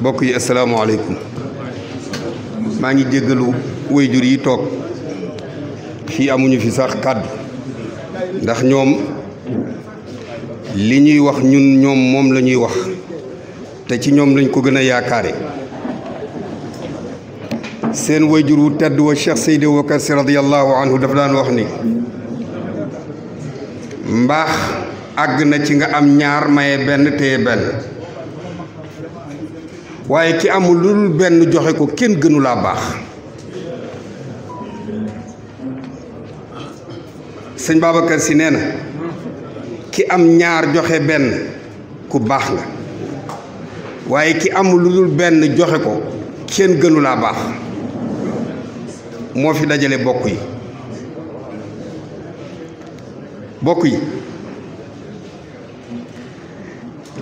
mbokk yi asalaamaaleykum maa ngi jéggalu jur yi toog fii amuñu fi sax kàddu ndax ñoom li ñuy wax ñun ñoom moom la ñuy wax te ci ñoom lañ ko gën a yaakaare seen jur wu tedd wa Cheikh Seydi Wakar Si radiyallahu anhu dafa daan wax ni mbaax àgg na ci nga am ñaar maye benn téye benn waaye ki amul lu dul benn joxe ko kenn gënu laa baax sëñ Babacar si nee na ki am ñaar joxe benn ku baax la waaye ki amul lu dul benn joxe ko kenn gënu laa baax moo fi dajale bokk yi bokk yi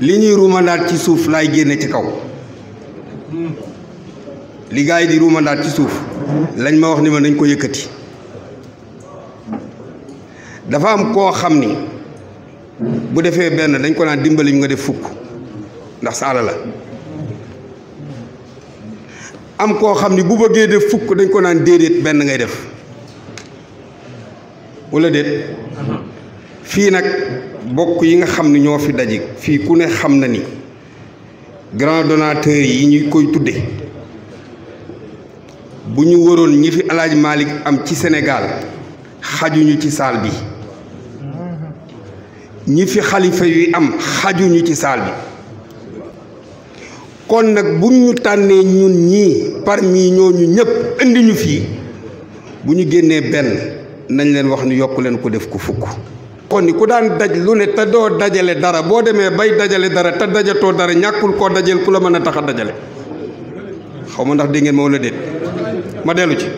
li ñuy rumandaat ci suuf laay génne ci kaw li yi di ruumandaat ci suuf lañ ma wax ni ma nañ ko yëkkati dafa am koo xam ni bu defee benn dañ ko naan dimbali ñu nga def fukk ndax sa la am koo xam ni bu bëggee def fukk dañ ko naan déedéet benn ngay def wala déet uh-huh. fii nag bokk yi nga xam ni ñoo fi daje fii ku ne xam na ni grand donateur yi ñu koy tudde bu ñu waroon ñi fi alaaj malik am ci senegaal xajuñu ci saal bi ñi fi xalifa yi am xajuñu ci saal bi kon nag bu ñu tànnee ñun ñii parmi ñooñu ñëpp indi ñu fii bu ñu génnee benn nañ leen wax ni yokk leen ko def ko fukk ko ni ku daan daj lu ne te doo dajale dara boo demee bay dajale dara te dajatoo dara ñàkkul koo dajal ku la mën a tax dajale xaw ma ndax dégg ngeen ma ma dellu ci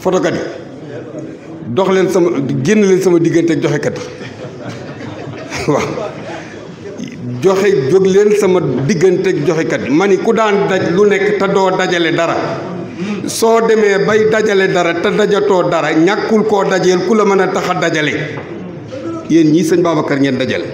fotokat dox leen sama génn sama diggante joxekat yi jóg leen sama diggante joxekat yi ma ni ku daan daj lu nekk te doo dajale dara soo demee bay dajale dara te dajatoo dara ñàkkul koo dajeel ku la mën a tax a dajale yéen ñii sëñ Babacar ngeen dajal